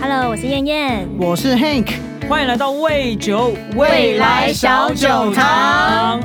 哈嘍，我是燕燕，我是 Hank，歡迎來到味酒未來小酒堂。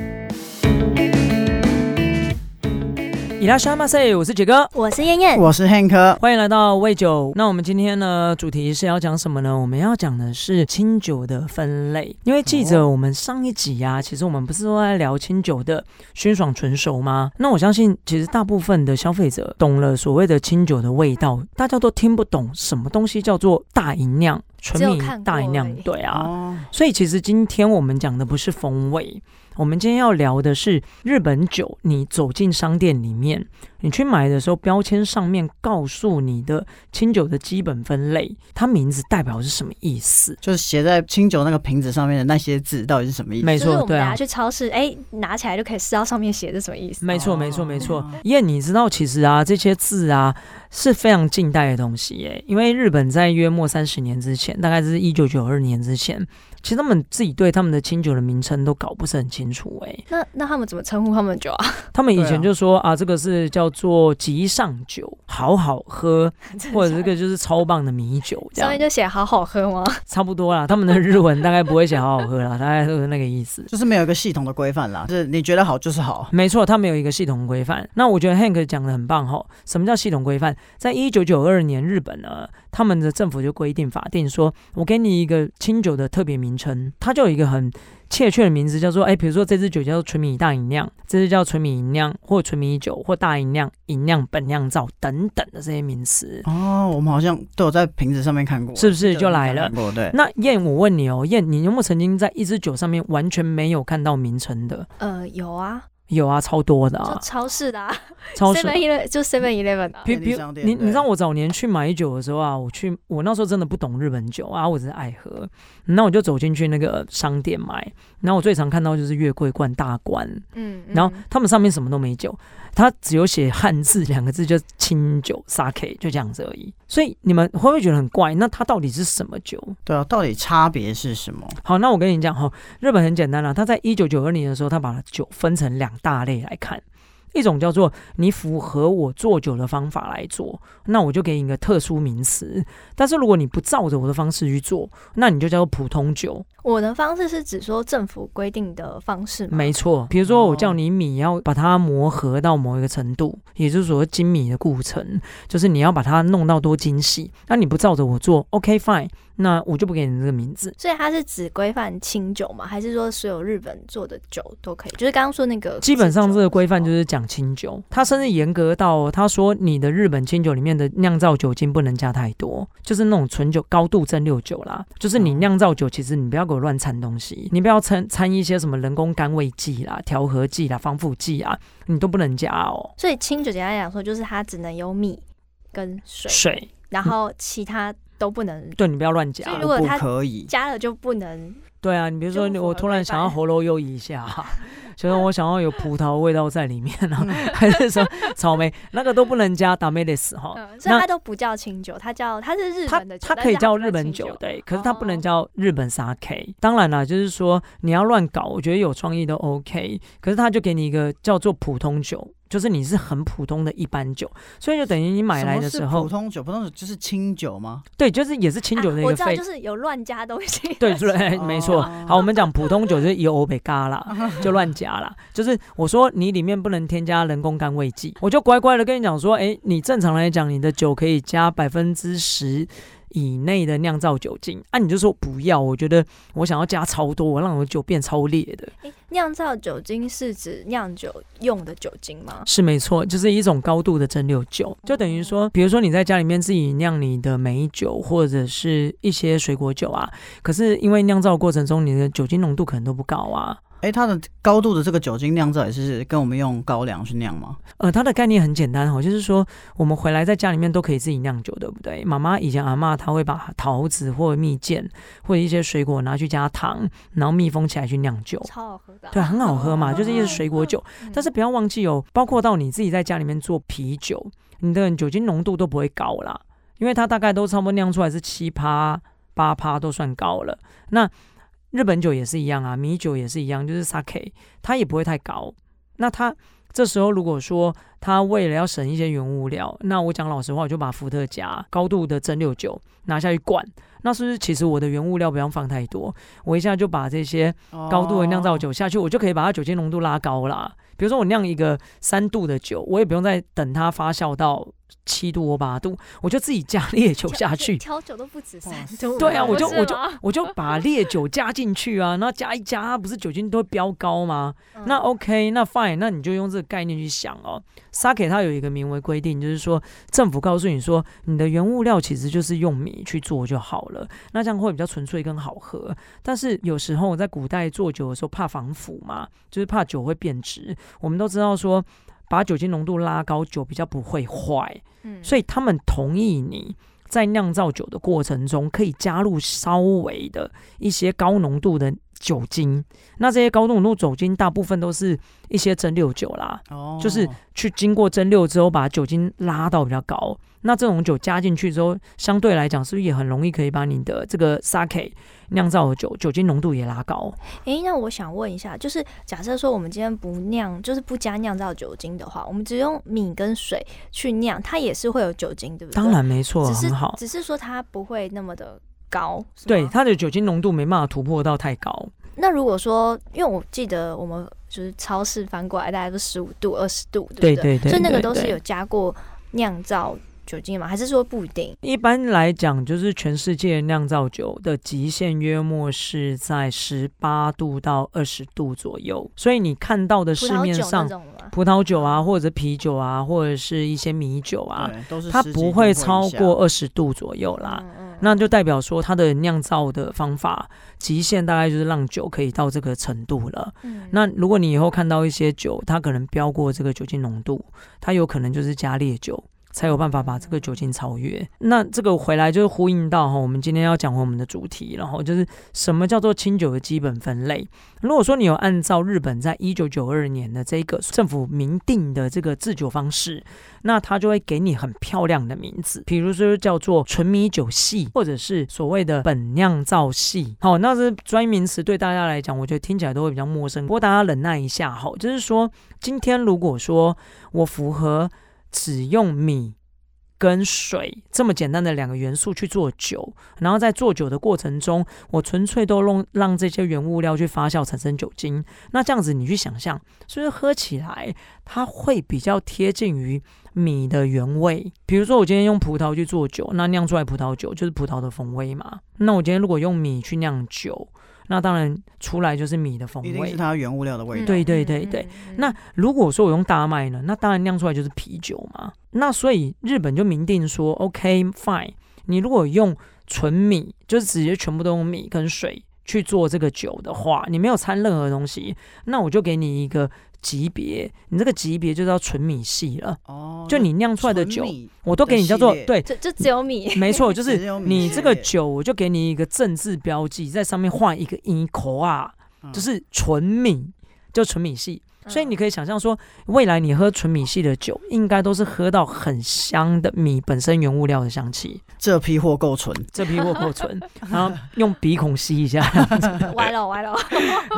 以拉沙馬塞，我是傑哥，我是燕燕，我是漢克，歡迎來到味酒。那我們今天呢，主題是要講什麼呢？我們要講的是清酒的分類。因為記得我們上一集呀、啊哦，其實我們不是都在聊清酒的薰爽醇熟嗎？那我相信，其實大部分的消費者懂了所謂的清酒的味道，大家都聽不懂什麼東西叫做大吟釀、純米大吟釀。對啊、哦，所以其實今天我們講的不是風味。我們今天要聊的是日本酒。你走進商店裡面，你去買的時候，標籤上面告訴你的清酒的基本分類，它名字代表是什麼意思？就是寫在清酒那個瓶子上面的那些字，到底是什麼意思？沒錯、就是，對啊。拿去超市，哎，拿起來就可以知道上面寫着什麼意思。沒錯，沒錯，沒錯。因為，你知道其實啊，這些字啊是非常近代的東西耶，因為日本在約莫三十年之前，大概是一九九二年之前。其實他們自己對他們的清酒的名稱都搞不是很清楚哎、欸。那那他們怎麼稱呼他們酒啊？他們以前就說啊，啊，這個是叫做極上酒，好好喝，真的假的，或者這個就是超棒的米酒這樣。所以就寫好好喝嗎？差不多啦，他們的日文大概不會寫好好喝啦， 大概就是那個意思。就是沒有一個系統的規範啦，就是你覺得好就是好。沒錯，他們有一個系統規範。那我覺得 Hank 講的很棒哈。什麼叫系統規範？在一九九二年，日本呢，他們的政府就規定法定說，我給你一個清酒的特別名。名稱，它就有一個很確切的名字，叫做哎、欸，比如說這支酒叫做純米大吟釀，這支叫純米吟釀，或純米酒，或大吟釀、吟釀、本釀造等等的這些名詞哦，我們好像都有在瓶子上面看過，是不是就來了？那燕，我問你哦、喔，燕，你有沒有曾經在一支酒上面完全沒有看到名稱的？呃，有啊。有啊，超多的啊，超市的，啊，超市的就 seven eleven 啊。你、啊、你，你知道我早年去買酒的時候啊，我去，我那時候真的不懂日本酒啊，我只是愛喝，那我就走進去那個商店買，然後我最常看到就是月桂冠、大、嗯、關，嗯，然後他們上面什麼都沒酒。他只有寫漢字兩個字，就清酒 sake，就這樣子而已。所以你們會不會覺得很怪？那它到底是什麼酒？對啊，到底差別是什麼？好，那我跟你講哈，日本很簡單啦，他在一九九二年的時候，他把酒分成兩大類來看。一種叫做你符合我做酒的方法來做，那我就給你一個特殊名詞。但是如果你不照着我的方式去做，那你就叫做普通酒。我的方式是指說政府規定的方式嗎？沒錯。比如說我叫你米，要把它磨合到某一個程度，也就是說精米的過程，就是你要把它弄到多精細。那你不照着我做，OK fine。那我就不給你這個名字。所以它是只規範清酒嘛？還是說所有日本做的酒都可以？就是剛剛說那個，基本上這個規範就是講清酒。它甚至嚴格到，他說你的日本清酒裡面的釀造酒精不能加太多，就是那種純酒、高度蒸餾酒啦。就是你釀造酒，其實你不要給我亂摻東西、嗯，你不要摻摻一些什麼人工甘味劑啦、調和劑啦、防腐劑啊，你都不能加哦、喔。所以清酒簡單來講說，就是它只能有米跟水，水，嗯、然後其他。都不能，對，你不要亂加，不可以加了就不能。對啊，你比如說如你我突然想要喉嚨悠一下、啊， 就是我想要有葡萄味道在裡面了， 還是說草莓， 那個都不能加。ダメです。所以它都不叫清酒，它叫它是日本的酒它，它可以叫日本酒，對。可是它不能叫日本沙 K。當然了，就是說你要亂搞，我覺得有創意都 OK。可是他就給你一個叫做普通酒。就是你是很普通的一般酒，所以就等於你買來的時候，普通酒，普通酒就是清酒嗎？對，就是也是清酒的一個、啊。我知道，就是有亂加東西。 對，對 沒錯、哦。好，我們講普通酒就是有歐被加啦， 就亂加啦。就是我說你裡面不能添加人工甘味劑，我就乖乖的跟你講說，哎、欸，你正常來講你的酒可以加百分之十。以內的釀造酒精，那、啊、你就說不要。我覺得我想要加超多，我讓我的酒變超烈的。欸、釀造酒精是指釀酒用的酒精嗎？是沒錯，就是一種高度的蒸餾酒，就等於說，比如說你在家裡面自己釀你的梅酒或者是一些水果酒啊，可是因為釀造過程中你的酒精濃度可能都不高啊。哎、欸，它的高度的這個酒精釀造也是跟我們用高粱去釀嗎？呃，它的概念很簡單哦，就是說我們回來在家裡面都可以自己釀酒，對不對？媽媽以前阿嬤她會把桃子或者蜜餞或者一些水果拿去加糖，然後密封起來去釀酒，超好喝的，對，很好喝嘛，哦、就是一些水果酒，嗯。但是不要忘記哦，包括到你自己在家裡面做啤酒，你的酒精濃度都不會高啦，因為它大概都差不多釀出來是七趴八趴都算高了，那，日本酒也是一樣啊，米酒也是一樣，就是 sake，它也不會太高。那它這時候如果說它為了要省一些原物料，那我講老實話，我就把伏特加高度的蒸餾酒拿下去灌。那是不是其實我的原物料不用放太多，我一下就把這些高度的釀造酒下去，我就可以把它酒精濃度拉高啦。比如說我釀一個三度的酒，我也不用再等它發酵到。七多吧，都我就自己加烈酒下去，調酒都不止三度啊，啊對啊，我就我就我就把烈酒加進去啊， 然後加一加，不是酒精都會飆高嗎、嗯？那 OK，那 fine，那你就用這個概念去想哦。Sake 它有一個名為規定，就是說政府告訴你說，你的原物料其實就是用米去做就好了，那這樣會比較純粹跟好喝。但是有時候我在古代做酒的時候怕防腐嘛，就是怕酒會變質。我們都知道說。把酒精濃度拉高，酒比較不會壞。嗯，所以他們同意你在釀造酒的過程中可以加入稍微的一些高濃度的酒精。那這些高濃度酒精大部分都是一些蒸餾酒啦，哦，就是去經過蒸餾之後把酒精拉到比較高。那這種酒加進去之後，相對來講是不是也很容易可以把你的這個 sake 釀造的酒酒精濃度也拉高，哦。誒、欸，那我想問一下，就是假設說我們今天不釀，就是不加釀造酒精的話，我們只用米跟水去釀，它也是會有酒精，對不對？當然沒錯，只是，很好，只是說它不會那麼的高。對，它的酒精濃度沒辦法突破到太高。那如果說，因為我記得我們就是超市翻過來，大概都十五度、二十度，對對，對，對，對，對，對，對對？所以那個都是有加過釀造的。酒精嗎？還是說不一定？一般來講，就是全世界釀造酒的極限約莫是在十八度到二十度左右。所以你看到的市面上葡萄，葡萄酒啊，或者啤酒啊，或者是一些米酒啊，它不會超過二十度左右啦，嗯嗯嗯。那就代表說它的釀造的方法極限大概就是讓酒可以到這個程度了。嗯、那如果你以後看到一些酒，它可能飆過這個酒精濃度，它有可能就是加烈酒。才有辦法把這個酒精超越。那這個回來就是呼應到哈，我們今天要講回我們的主題，然後就是什麼叫做清酒的基本分類。如果說你有按照日本在一九九二年的這個政府明定的這個制酒方式，那它就會給你很漂亮的名字，比如說叫做純米酒系，或者是所謂的本釀造系。好，那這專業名詞，對大家來講，我覺得聽起來都會比較陌生。不過大家忍耐一下哈，就是說今天如果說我符合。只用米跟水這麼簡單的兩個元素去做酒，然後在做酒的過程中，我純粹都用讓，讓這些原物料去發酵，產生酒精。那這樣子你去想象，所以喝起來它會比較貼近於米的原味。比如說我今天用葡萄去做酒，那釀出來葡萄酒就是葡萄的風味嘛。那我今天如果用米去釀酒，那當然，出來就是米的風味，是它原物料的味道，嗯。對對對對嗯嗯嗯。那如果說我用大麥呢，那當然釀出來就是啤酒嘛。那所以日本就明定說，OK fine，你如果用純米，就是直接全部都用米跟水去做這個酒的話，你沒有摻任何東西，那我就給你一個。級別，你這個級別就叫純米系了。哦，就你釀出來的酒的，我都給你叫做對，就就只有米， 沒錯，就是你這個酒，我就給你一個正字標記，在上面畫一個一 c 啊、嗯，就是純米，就純米系。所以你可以想象說，未來你喝純米系的酒，應該都是喝到很香的米本身原物料的香氣。這批貨夠純，這批貨夠純， 然後用鼻孔吸一下，歪了歪了。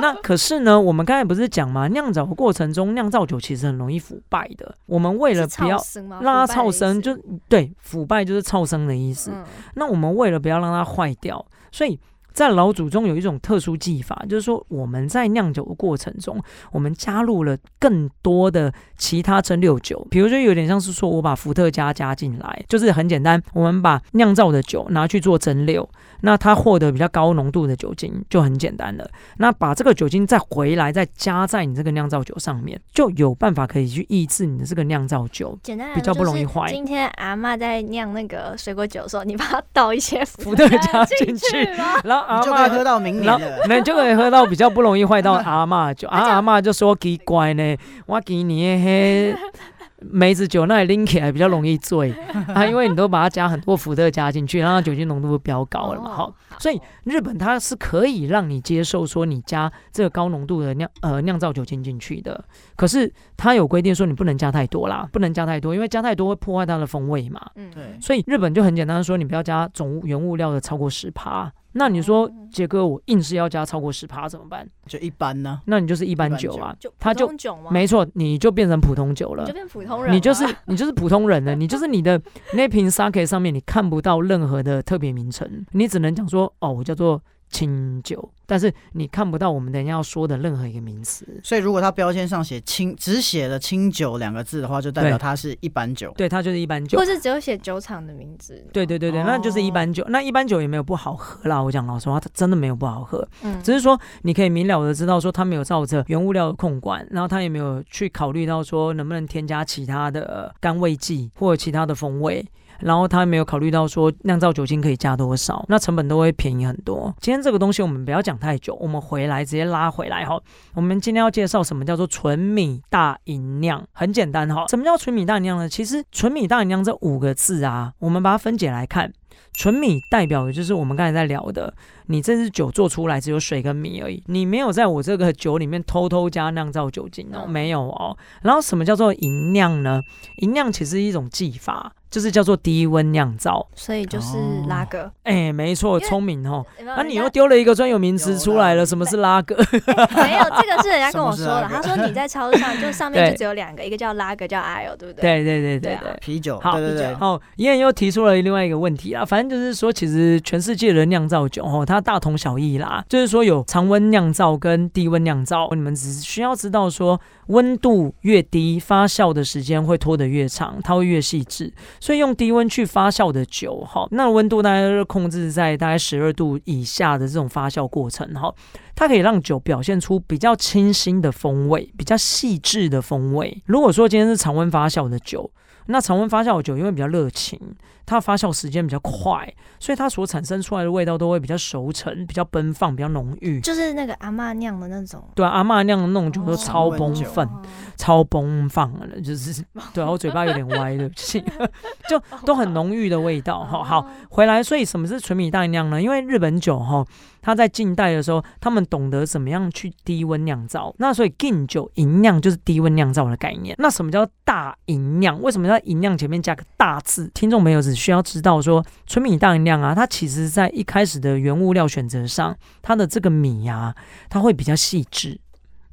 那可是呢，我們剛才不是講嘛，釀造的過程中，釀造酒其實很容易腐敗的。我們為了不要讓它臭生，讓它臭生，就對腐敗就是臭生的意思。嗯，那我們為了不要讓它壞掉，所以。在老祖宗有一種特殊技法，就是說我們在釀酒的過程中，我們加入了更多的其他蒸餾酒，比如說有點像是說我把伏特加加進來，就是很簡單，我們把釀造的酒拿去做蒸餾。那他獲得比較高濃度的酒精就很簡單了。那把這個酒精再回來，再加在你這個釀造酒上面，就有辦法可以去抑制你的這個釀造酒，簡單來說比較不容易壞。就是、今天阿媽在釀那個水果酒的時候，你把它倒一些伏特加進去就可以，然後阿媽喝到明年，然後你就可以喝到比較不容易壞到的阿媽酒，啊啊啊，阿媽就說奇怪呢，我今年嘿，那個。 梅子酒，那裡拎起來比較容易醉啊，因為你都把它加很多伏特加進去，讓它酒精濃度比較高了嘛。哈，所以日本它是可以讓你接受說，你加這個高濃度的釀呃釀造酒精進去的，可是它有規定說你不能加太多啦，不能加太多，因為加太多會破壞它的風味嘛。嗯，對。所以日本就很簡單說，你不要加總原物料的超過十趴。那你說傑哥，我硬是要加超過十趴怎麼辦？就一般呢、啊？那你就是一般酒啊，酒他就，就沒錯，你就變成普通酒了，你就你、就是你就是普通人了， 你就是你的那瓶 sake 上面你看不到任何的特別名稱，你只能講說哦，我叫做。清酒，但是你看不到我們等下要說的任何一個名詞，所以如果它標籤上寫清，只寫了清酒兩個字的話，就代表它是一般酒。對，它就是一般酒，或是只有寫酒廠的名字。對對對對、哦，那就是一般酒。那一般酒也沒有不好喝啦，我講老實話，它真的沒有不好喝、嗯，只是說你可以明了的知道說它沒有照着原物料的控管，然後它也沒有去考慮到說能不能添加其他的、呃、甘味劑或者其他的風味。然後他沒有考慮到說釀造酒精可以加多少，那成本都會便宜很多。今天這個東西我們不要講太久，我們回來直接拉回來哈、哦。我們今天要介紹什麼叫做純米大吟釀？很簡單哈、哦，什麼叫純米大吟釀呢？其實“純米大吟釀”這五個字啊，我們把它分解來看，“純米”代表的就是我們剛才在聊的，你這支酒做出來只有水跟米而已，你沒有在我這個酒裡面偷偷加釀造酒精哦，沒有哦。然後什麼叫做吟釀呢？吟釀其實是一種技法。就是叫做低溫釀造，所以就是拉格。哎、oh. 欸，沒錯，聰明哦。那、啊、你又丟了一個專有名詞出來了，什麼是拉格、欸？沒有，這個是人家跟我說了，他說你在超市上就上面就只有兩個， 一個叫拉格，叫艾爾，對不對？對對對對對，啤酒，好對對對好啤酒。然、喔、後，又提出了另外一個問題啊。反正就是說，其實全世界的釀造酒哦，它大同小異啦。就是說有常溫釀造跟低溫釀造，你們只需要知道說，溫度越低，發酵的時間會拖得越長，它會越細緻。所以用低溫去發酵的酒，哈，那溫度大概都是控制在大概十二度以下的這種發酵過程，哈，它可以讓酒表現出比較清新的風味，比較細緻的風味。如果說今天是常溫發酵的酒，那常溫發酵的酒因為比較熱情。它發酵時間比較快，所以它所產生出來的味道都會比較熟成、比較奔放、比較濃郁。就是那個阿嬤釀的那種，對、啊、阿嬤釀的那種酒都超奔放、哦、超奔放的，就是對、啊、我嘴巴有點歪， 對不起， 就都很濃郁的味道、哦哦。好，回來，所以什麼是純米大吟釀呢？因為日本酒哈、哦，它在近代的時候，他們懂得怎麼樣去低溫釀造，那所以 Gin 酒、吟釀就是低溫釀造的概念。那什麼叫大吟釀？為什麼在吟釀前面加個大字？聽眾朋友是？只需要知道說，純米大吟釀啊，它其實，在一開始的原物料選擇上，它的這個米啊，它會比較細緻。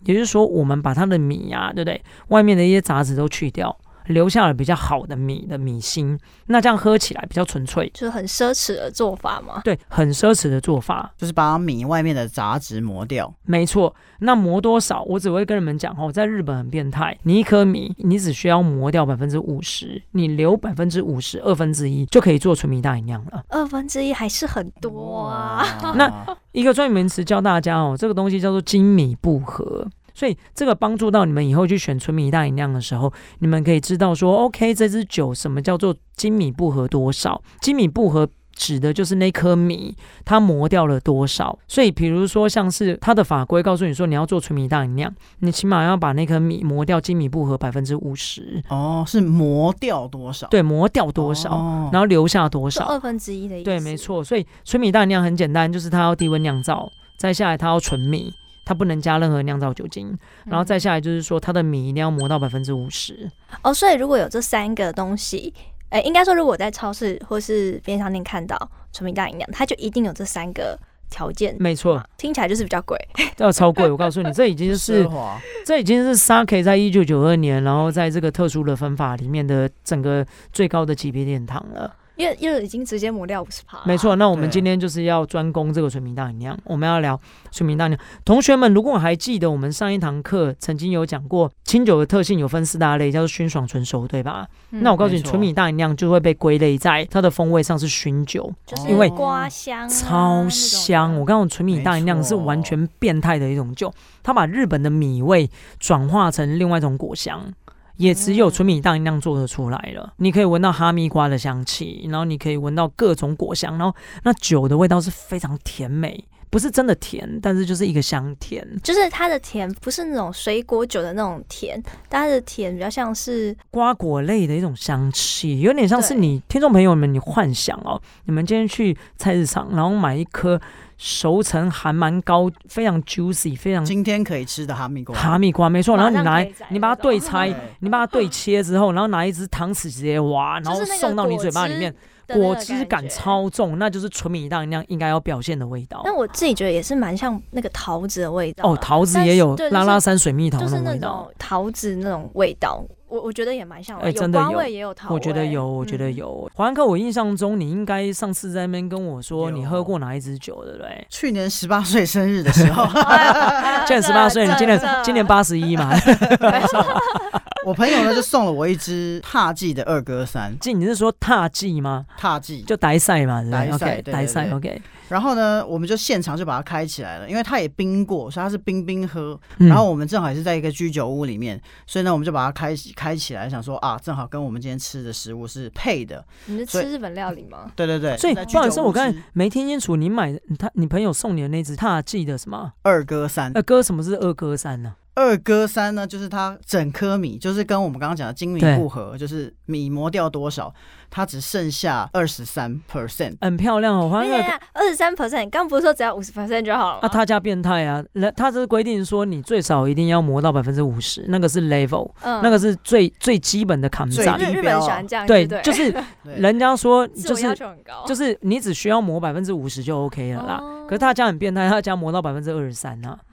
也就是說，我們把它的米啊，對不對，對？外面的一些雜質都去掉，留下了比較好的米的米心。那這樣喝起來比較純粹，就是很奢侈的做法嘛？對，很奢侈的做法，就是把米外面的雜質磨掉。沒錯，那磨多少？我只會跟你們講哦，在日本很變態，你一顆米，你只需要磨掉百分之五十，你留百分之五十二分之一就可以做純米大吟釀了。二分之一還是很多啊。 那一個專業名詞教大家哦，這個東西叫做精米步合。所以這個幫助到你們以後去選純米大吟釀的時候，你們可以知道說，OK，這支酒什麼叫做精米步合多少？精米步合指的就是那顆米它磨掉了多少？所以比如說像是它的法規告訴你說，你要做純米大吟釀，你起碼要把那顆米磨掉精米步合百分之五十。哦，是磨掉多少？對，磨掉多少，哦、然後留下多少？二分之一的意思？對，沒錯。所以純米大吟釀很簡單，就是它要低溫釀造，再下來它要純米。它不能加任何釀造酒精，然後再下來就是說，它的米一定要磨到百分之五十哦。所以如果有這三個東西，哎、欸，應該說如果我在超市或是便利店看到純米大吟釀，它就一定有這三個條件。沒錯，聽起來就是比較貴，要超貴。我告訴你， 這已經是 這已經是 Sake 在一九九二年，然後在這個特殊的分法裡面的整個最高的級別殿堂了。因為又已經直接抹掉50，五十趴，沒錯。那我們今天就是要專攻這個純米大吟釀。我們要聊純米大吟釀。同學們，如果我還記得我們上一堂課曾經有講過清酒的特性，有分四大類，叫做熏爽、醇熟，對吧？嗯、那我告訴你，純米大吟釀就會被歸類在它的風味上是熏酒，就是、啊、因為瓜香超香。啊、我告訴你，純米大吟釀是完全變態的一種酒，它把日本的米味轉化成另外一種果香。也只有純米大吟釀做得出來了。你可以聞到哈密瓜的香氣，然後你可以聞到各種果香，然後那酒的味道是非常甜美，不是真的甜，但是就是一個香甜，就是它的甜不是那種水果酒的那種甜，但它的甜比較像是瓜果類的一種香氣，有點像是你聽眾朋友們，你幻想哦，你們今天去菜市場，然後買一顆。熟成還蠻高，非常 juicy，非常今天可以吃的哈密瓜。哈密瓜沒錯，然後你拿來，你把它對切， 你把它對切之後，然後拿一支湯匙直接挖，然後送到你嘴巴裡面，就是、果汁果汁感超重，那就是純米大吟釀應該要表現的味道。那我自己覺得也是蠻像那個桃子的味道 哦，桃子也有拉拉山水蜜桃那種味道，就是就是、桃子那種味道。 我我覺得也蠻像，哎、欸，真的有，有，有我覺得有，我覺得有。華、嗯、安克，我印象中你應該上次在那邊跟我說你喝過哪一支酒，對不對？去年十八歲生日的時候 去年十八歲，你今年今年八十一嘛？ 我朋友呢，就送了我一支踏迹的二哥三，即你是說踏迹嗎？踏迹就呆賽嘛，呆賽呆賽 OK。然後呢，我們就現場就把它開起來了，因為它也冰過，所以它是冰冰喝。嗯、然後我們正好也是在一個居酒屋裡面，所以呢，我們就把它開開起來，想說啊，正好跟我們今天吃的食物是配的。你是吃日本料理嗎？對對對。所以不好意思，我剛才沒聽清楚你買的他你朋友送你的那隻踏迹的什麼二哥三？二哥什麼是二哥三呢、啊？二哥三呢，就是他整顆米，就是跟我們剛剛講的精米步合，就是米磨掉多少，它只剩下二十三 percent，很漂亮哦。對呀，二十三 percent，剛不是說只要五十 percent 就好了？那、啊、他家變態啊，人他只是規定說你最少一定要磨到百分之五十，那個是 level，那個是最最基本的坎子。日日本喜歡這樣，對，就是人家說就是, 是就是你只需要磨百分之五十就 OK 了啦、哦。可是他家很變態，他家磨到百分之二十三呢。啊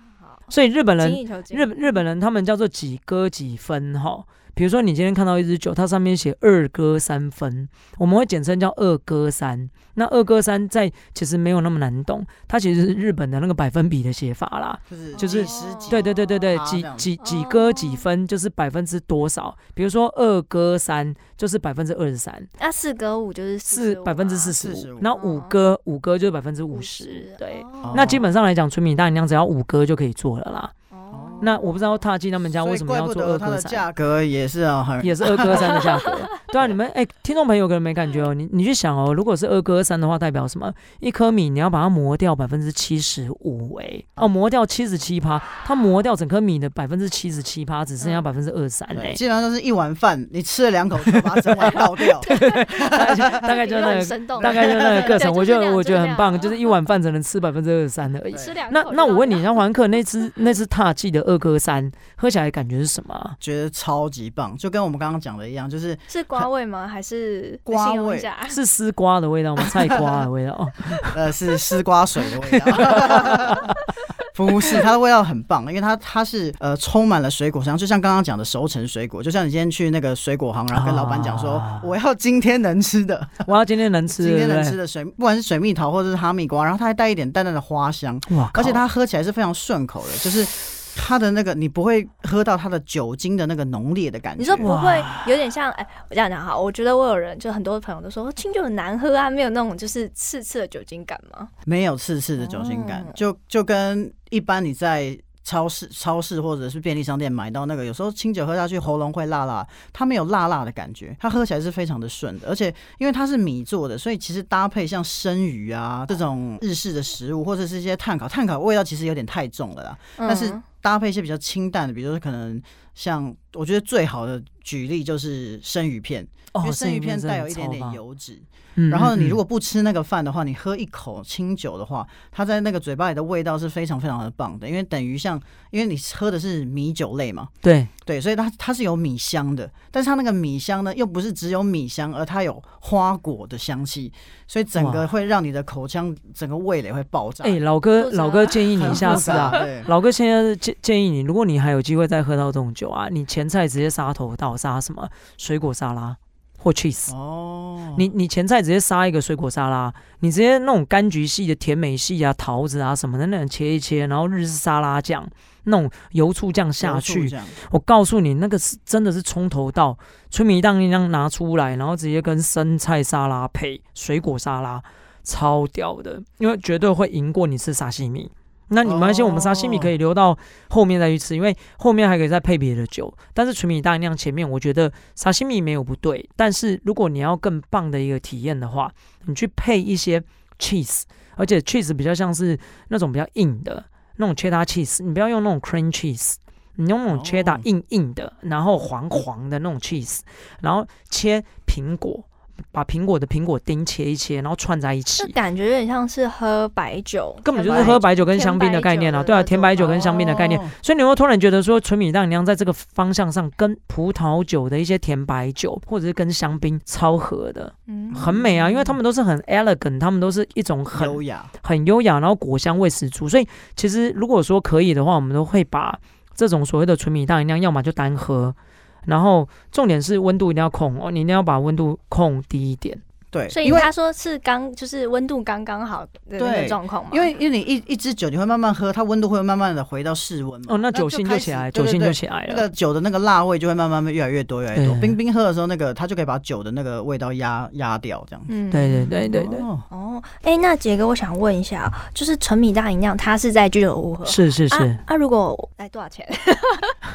所以日本人，日日本人他們叫做幾割幾分哈。比如說，你今天看到一支酒，它上面寫二割三分，我們會簡稱叫二割三。那二割三在其實沒有那麼難懂，它其實是日本的那個百分比的寫法啦，是就是幾幾對對對對對，啊、幾幾幾割幾分就是百分之多少。比如說二割三就是百分之二十三，那、啊、四割五就是四,四百分之四十五，啊、十五然後五割、啊、五割就是百分之五十。五十對、啊，那基本上來講，純米大吟釀只要五割就可以做了啦。那我不知道獺祭他們家為什麼要做二割三，價格也是啊，也是二割三的價格 對啊，你們哎、欸，聽眾朋友可能沒感覺哦。你你去想哦，如果是二割三的話，代表什麼？一顆米你要把它磨掉百分之七十五，哎、欸，哦，磨掉七十七趴，它磨掉整顆米的百分之七十七趴，只剩下百分之二十三，哎、欸，基本上都是一碗飯，你吃了兩口就把整碗倒掉 對 大、那個，大概就那個、個，大概就那個過程。我覺得我覺得很棒，就是就是就是、就是一碗飯只能吃百分之二十三的而已。那那我問你， 像環客那只那只獺祭的。二哥三喝起來的感覺是什麼？覺得超級棒，就跟我們剛剛講的一樣，就是是瓜味嗎？還是瓜味？是絲瓜的味道嗎？ 菜瓜的味道？ 呃，是絲瓜水的味道。 不是，它的味道很棒，因為它它是呃充滿了水果香，就像剛剛講的熟成水果，就像你今天去那個水果行，然後跟老闆講說、啊、我要今天能吃的， 我要今天能吃的今天能吃的水對不對，不管是水蜜桃或者是哈密瓜，然後它還帶一點淡淡的花香，哇！而且它喝起來是非常順口的，就是。它的那個你不會喝到它的酒精的那個濃烈的感覺，你說不會，有點像哎、欸，我這樣講哈。我覺得我有人就很多朋友都說清酒很難喝啊，沒有那種就是刺刺的酒精感嗎？沒有刺刺的酒精感，哦、就就跟一般你在。超市、超市，或者是便利商店買到那個，有時候清酒喝下去喉嚨會辣辣，它沒有辣辣的感覺，它喝起來是非常的順的，而且因為它是米做的，所以其實搭配像生魚啊這種日式的食物，或者是一些炭烤，炭烤味道其實有點太重了啦，但是搭配一些比較清淡的，比如說可能像。我覺得最好的舉例就是生魚片，哦、因為生魚片帶有、哦、有一點點油脂。嗯。然後你如果不吃那個飯的話、嗯，你喝一口清酒的話、嗯，它在那個嘴巴裡的味道是非常非常的棒的，因為等於像，因為你喝的是米酒類嘛。對。對，所以它它是有米香的，但是它那個米香呢，又不是只有米香，而它有花果的香氣，所以整個會讓你的口腔整個味蕾會爆炸。哎、欸，老哥，老哥建議你下次啊，對老哥現在是建建議你，如果你還有機會再喝到這種酒啊，你前。菜直接沙頭到沙什麼水果沙拉或 cheese 哦，你你前菜直接沙一個水果沙拉，你直接那種柑橘系的甜美系啊，桃子啊什麼的，那種切一切，然後日式沙拉醬，那種油醋醬下去，我告訴你，那個是真的是從頭到純米一檔一檔拿出來，然後直接跟生菜沙拉配水果沙拉，超屌的，因為絕對會贏過你吃沙西米。那你們，而且我們沙西米可以留到後面再去吃，因為後面還可以再配別的酒。但是純米大吟釀前面，我覺得沙西米沒有不對。但是如果你要更棒的一個體驗的話，你去配一些 cheese，而且 cheese 比較像是那種，比較硬的那種切達 cheese，你不要用那種 cream cheese，你用那種切達硬硬的，然後黃黃的那種 cheese，然後切蘋果。把蘋果的蘋果丁切一切，然後串在一起，感覺有點像是喝白酒，根本就是喝白酒跟香檳的概念啊。對啊，甜白酒跟香檳的概念，所以你會突然覺得說，純米大吟釀在這個方向上跟葡萄酒的一些甜白酒或者是跟香檳超合的，嗯，很美啊，因為他們都是很 elegant，他們都是一種很優雅、很優雅，然後果香味十足。所以其實如果說可以的話，我們都會把這種所謂的純米大吟釀，要麼就單喝。然後重點是溫度一定要控哦，你一定要把溫度控低一點。所以他說是剛，就是溫度剛剛好的狀況嘛，因為因為你一一支酒你會慢慢喝，它溫度會慢慢的回到室溫嘛。哦，那酒性就起來，酒性就起來了，對對對。那個酒的那個辣味就會慢慢的越來越多越來越多。嗯、冰冰喝的時候，那個他就可以把酒的那個味道壓壓掉，這樣子。嗯，對對對對對。哦，哎、哦欸，那傑哥，我想問一下，就是純米大吟釀，它是在居酒屋喝？是是是。那、啊啊、如果哎多少錢？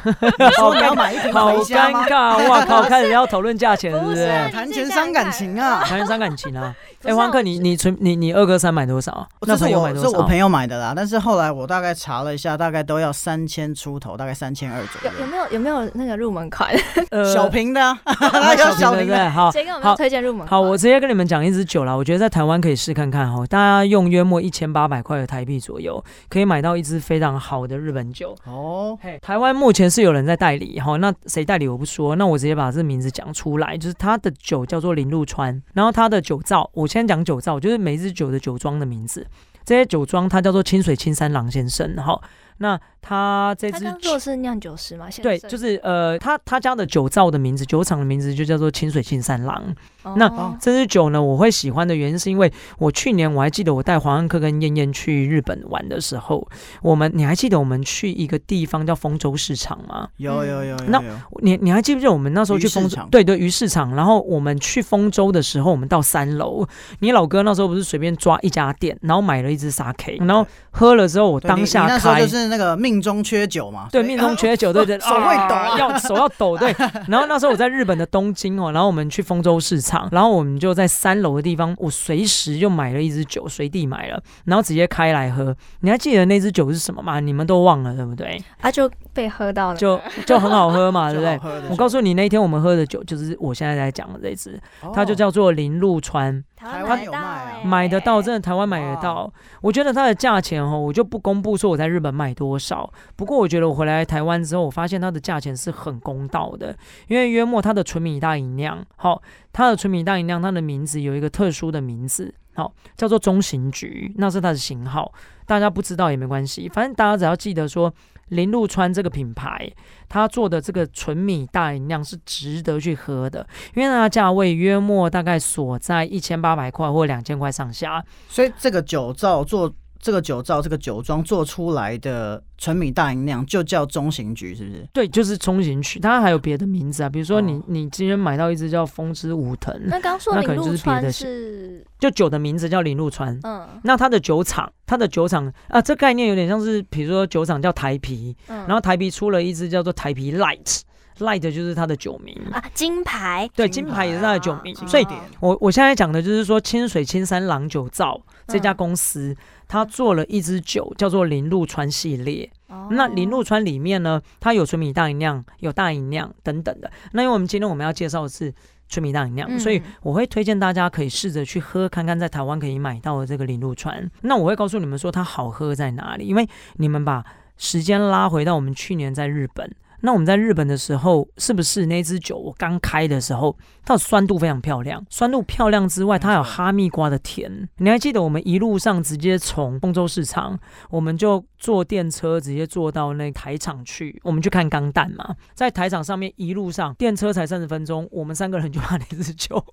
好尷尬， 尬尬 哇靠，開始要討論價錢 是，是不是？談錢傷感情啊。 傷感情啊！哎、欸，汪克你，你你存你你二哥三買多少？我、哦、朋友買多少是，是我朋友買的啦。哦。但是後來我大概查了一下，大概都要三千出頭，大概三千二左右。有，有沒有有沒有那個入門款？呃、小瓶的， 那小瓶坪的， 小的。好，誰跟我們推薦入門款好？好，我直接跟你們講一支酒啦。我覺得在台灣可以試看看哈，大家用約莫一千八百塊的台幣左右，可以買到一支非常好的日本酒。哦，Hey, 台灣目前是有人在代理哈，那誰代理我不說，那我直接把這名字講出來，就是他的酒叫做林陸川，然後。他的酒造，我先講酒造，就是每一支酒的酒莊的名字。這些酒莊，它叫做清水清三郎先生。然後，那。他這隻做是釀酒師嗎？現在。對，就是呃，他他家的酒造的名字，酒廠的名字就叫做清水清三郎。哦，那這支酒呢，我會喜歡的原因是因為我去年我還記得，我帶黃安克跟燕燕去日本玩的時候，我們你還記得我們去一個地方叫豐州市場嗎？有有有，有，有那你你還記不記得我們那時候去豐州？對對，對，魚市場。然後我們去豐州的時候，我們到三樓，你老哥那時候不是隨便抓一家店，然後買了一支沙 K，然後喝了之後，我當下開就是那個命。命中缺酒嘛？對，命中缺酒，對對，啊啊、手會抖，要手要抖，對。然後那時候我在日本的東京哦，然後我們去豐州市場，然後我們就在三樓的地方，我隨時就買了一支酒，隨地買了，然後直接開來喝。你還記得那支酒是什麼嗎？你們都忘了，對不對？它、啊、就被喝到了，就就很好喝嘛，對不對？我告訴你，那天我們喝的酒就是我現在在講的這支，它就叫做林露川。台灣有賣啊，買得到，真的台灣買得到。我覺得它的價錢哦，我就不公布說我在日本買多少。不過我覺得我回來台灣之後，我發現它的價錢是很公道的。因為約莫它的純米大吟釀，好，它的純米大吟釀，它的名字有一個特殊的名字，好，叫做中型局。那是它的型號。大家不知道也沒關係，反正大家只要記得說。林鹿川這個品牌，他做的這個純米大吟釀是值得去喝的，因為它價位約莫大概鎖在一千八百塊或兩千塊上下，所以這個酒造做。這個酒造、這個酒莊做出來的純米大吟釀就叫中型局，是不是？對，就是中型局。它還有別的名字啊，比如說你，嗯、你今天買到一支叫風之舞藤。那剛說林陸川，那可能就是，別的是，就酒的名字叫林路川。嗯，那它的酒廠，它的酒廠啊，這概念有點像是，比如說酒廠叫台啤、嗯、然後台啤出了一支叫做台啤 Light。Light 就是它的酒名啊，金牌，對，金牌也是它的酒名。啊、所以我，我我現在講的就是說，清水清山郎酒造、嗯、這家公司，它做了一支酒叫做林祿川系列。嗯、那林祿川裡面呢，它有純米大吟釀，有大吟釀等等的。那因為我們今天我們要介紹的是純米大吟釀、嗯，所以我會推薦大家可以試着去喝，看看在台灣可以買到的這個林祿川。那我會告訴你們說它好喝在哪裡，因為你們把時間拉回到我們去年在日本。那我們在日本的時候，是不是那支酒我剛開的時候，它的酸度非常漂亮？酸度漂亮之外，它有哈密瓜的甜。你還記得我們一路上直接從豐洲市場，我們就坐電車直接坐到那台場去？我們去看鋼彈嘛。在台場上面一路上，電車才三十分鐘，我們三個人就把那支酒。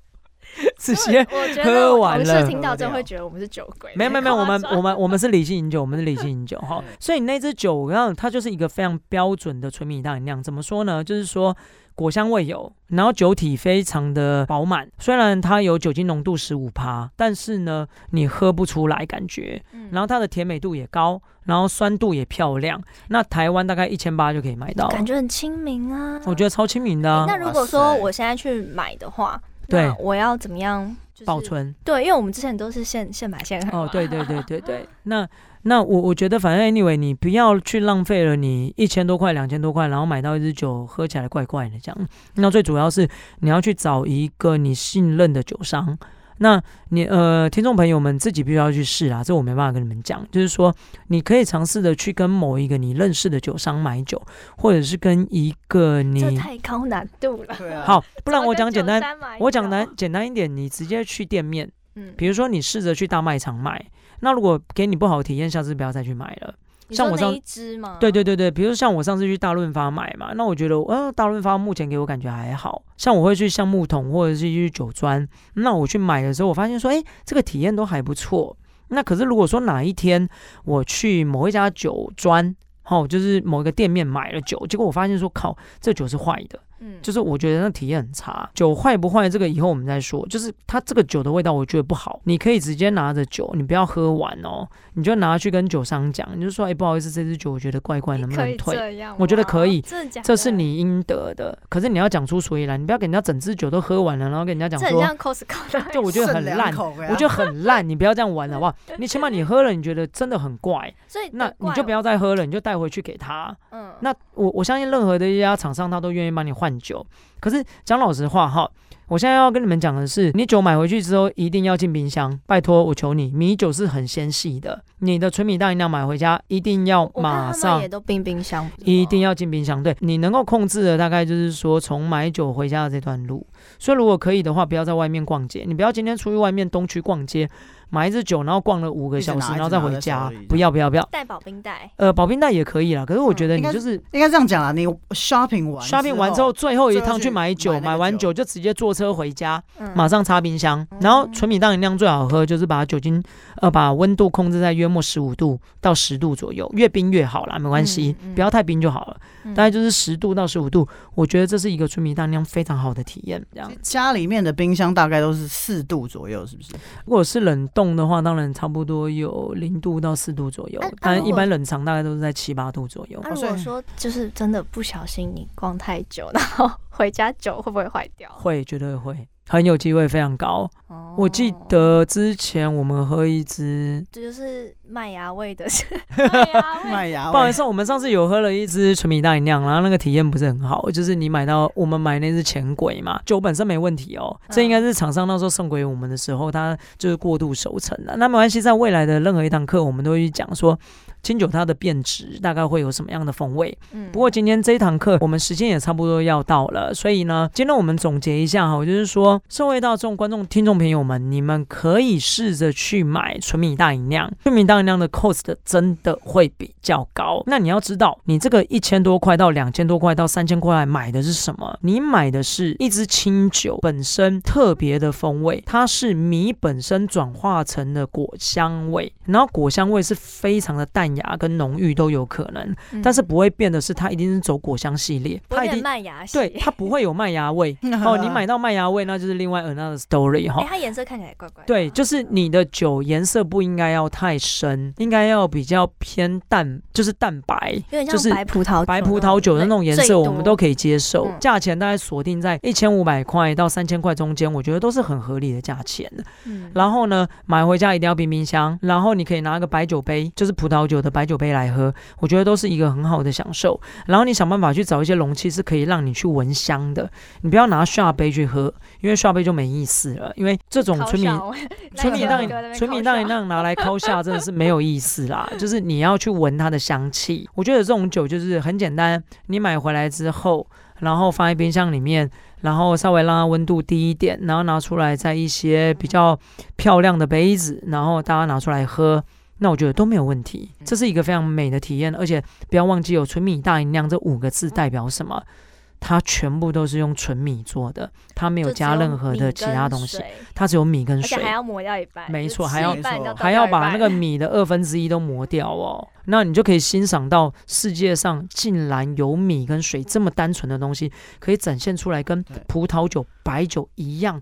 這 些喝完了，我我聽到就會覺得我們是酒鬼。沒有沒有沒有，我們我們我們是理性飲酒，我們是理性飲酒哈。 所以你那支酒，它就是一個非常標準的純米大吟釀。怎麼說呢？就是說果香味有，然後酒體非常的飽滿。雖然它有酒精濃度十五趴，但是呢你喝不出來感覺。然後它的甜美度也高，然後酸度也漂亮。嗯、那台灣大概一千八就可以買到，感覺很親民啊。我覺得超親民的、啊欸。那如果說我現在去買的話。對，我要怎麼樣保存？對，因為我們之前都是現現買現喝。哦，對對對對對。 那那我我覺得，反正 anyway，你不要去浪費了，你一千多塊、兩千多塊，然後買到一支酒喝起來怪怪的。這樣，那最主要是你要去找一個你信任的酒商。那你呃，聽眾朋友們自己必須要去試啦，這我沒辦法跟你們講。就是說，你可以嘗試的去跟某一個你認識的酒商買酒，或者是跟一個你這太高難度了。對。好，不然我講簡單，我講難簡單一點，你直接去店面，嗯，比如說你試着去大賣場買，嗯。那如果給你不好的體驗，下次不要再去買了。像我上，對對對對，比如說像我上次去大潤發買嘛，那我覺得，呃，大潤發目前給我感覺還好，像我會去橡木桶或者是一些酒莊，那我去買的時候，我發現說，哎，這個體驗都還不錯。那可是如果說哪一天我去某一家酒莊，好、哦，就是某一個店面買了酒，結果我發現說，靠，這酒是壞的。嗯，就是我覺得那體驗很差。酒壞不壞這個以後我們再說。就是他這個酒的味道，我覺得不好。你可以直接拿着酒，你不要喝完哦，你就拿去跟酒商講，你就說：哎，不好意思，這支酒我覺得怪怪，能不能退？我覺得可以、哦，真的假的耶，這是你應得的。可是你要講出所以然，你不要給人家整支酒都喝完了，然後給人家講說，Cosco, 就我覺得很爛，我覺得很爛， 你不要這樣玩好不好？你起碼你喝了，你覺得真的很怪，所以那你就不要再喝了，你就帶回去給他。嗯，那我我相信任何的一家廠商，他都願意幫你換。很久，可是講老實話哈，我現在要跟你們講的是，你酒買回去之後一定要進冰箱，拜託，我求你，米酒是很纖細的。你的純米大吟釀買回家一定要馬上，也都冰冰箱，一定要進冰箱。對，你能夠控制的大概就是說從買酒回家的這段路。所以如果可以的話，不要在外面逛街。你不要今天出去外面東區逛街，買一支酒，然後逛了五個小時，然後再回家。不要不要不要帶保冰袋，呃，保冰袋也可以了。可是我覺得你就是、嗯、應該這樣講啊，你 shopping 完 shopping 完之後，最後一趟去買酒，去買酒，買完酒就直接坐車回家，嗯、馬上插冰箱。嗯、然後純米大吟釀最好喝，就是把酒精呃把溫度控制在約。那麼十五度到十度左右，越冰越好啦，沒關係、嗯嗯，不要太冰就好了。嗯、大概就是十度到十五度、嗯，我覺得這是一個純米大吟釀非常好的體驗。這樣，家裡面的冰箱大概都是四度左右，是不是？如果是冷凍的話，當然差不多有零度到四度左右、啊。但一般冷藏大概都是在七八度左右。那如果說就是真的不小心你逛太久，然後回家久會不會壞掉？會，絕對會。很有機會，非常高、哦。我記得之前我們喝一支，就是麥芽味的麥 芽，味 芽味。不好意思，我們上次有喝了一支純米大吟釀，然後那個體驗不是很好。就是你買到，我們買那支淺鬼嘛，酒本身沒問題哦。這應該是廠商那時候送給我們的時候，它就是過度熟成的、啊。那沒關係，在未來的任何一堂課，我們都會去講說。清酒它的變質大概會有什麼樣的風味？嗯，不過今天這一堂課我們時間也差不多要到了，所以呢，今天我們總結一下哈，就是說，社會大眾觀眾、聽眾朋友們，你們可以試着去買純米大吟釀。純米大吟釀的 cost 的真的會比較高。那你要知道，你這個一千多塊到兩千多塊到三千塊買的是什麼？你買的是一支清酒本身特別的風味，它是米本身轉化成的果香味，然後果香味是非常的淡。芽跟濃郁都有可能、嗯，但是不會變的是，它一定是走果香系列，它、嗯、一定麥芽對，它不會有麥芽味。 哦，你買到麥芽味，那就是另外 another story 哈、哦欸。它顏色看起來怪怪，對、嗯，就是你的酒顏色不應該要太深，嗯、應該要比較偏淡，就是蛋白，有點像白葡萄、就是、白葡萄酒的那種顏色，我們都可以接受。價、嗯、錢大概鎖定在一千五百塊到三千塊中間，我覺得都是很合理的價錢、嗯、然後呢，買回家一定要冰冰箱，然後你可以拿個白酒杯，就是葡萄酒。我的白酒杯來喝，我覺得都是一個很好的享受。然後你想辦法去找一些容器是可以讓你去聞香的，你不要拿刷杯去喝，因為刷杯就沒意思了。因為這種純米、純米釀、純 米釀拿來摳下，真的是沒有意思啦。就是你要去聞它的香氣。我覺得這種酒就是很簡單，你買回來之後，然後放在冰箱裡面，然後稍微讓它溫度低一點，然後拿出來，在一些比較漂亮的杯子，然後大家拿出來喝。那我覺得都沒有問題，這是一個非常美的體驗，而且不要忘記有純米大吟釀這五個字代表什麼？它全部都是用純米做的，它沒有加任何的其他東西，它只有米跟水，還要磨掉一半，沒錯，還要還要把那個米的二分之一都磨掉哦。嗯，那你就可以欣賞到世界上竟然有米跟水這麼單純的東西，可以展現出來跟葡萄酒、白酒一樣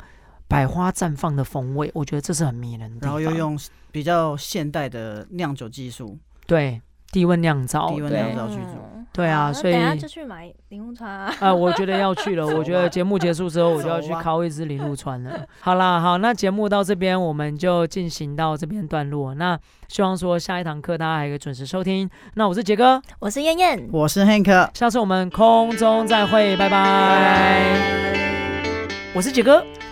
百花綻放的風味，我覺得這是很迷人的。然後又用比較現代的釀酒技術，對低溫釀造、低溫釀造技術、嗯，對啊。所以就去買檸檬茶啊、呃！我覺得要去了。啊、我覺得節目結束之後，我就要去烤一隻鈴鹿川了、啊。好啦，好，那節目到這邊我們就進行到這邊段落。那希望說下一堂課大家還可以準時收聽。那我是杰哥，我是燕燕，我是漢克。下次我們空中再會，拜拜。拜拜拜拜，我是杰哥。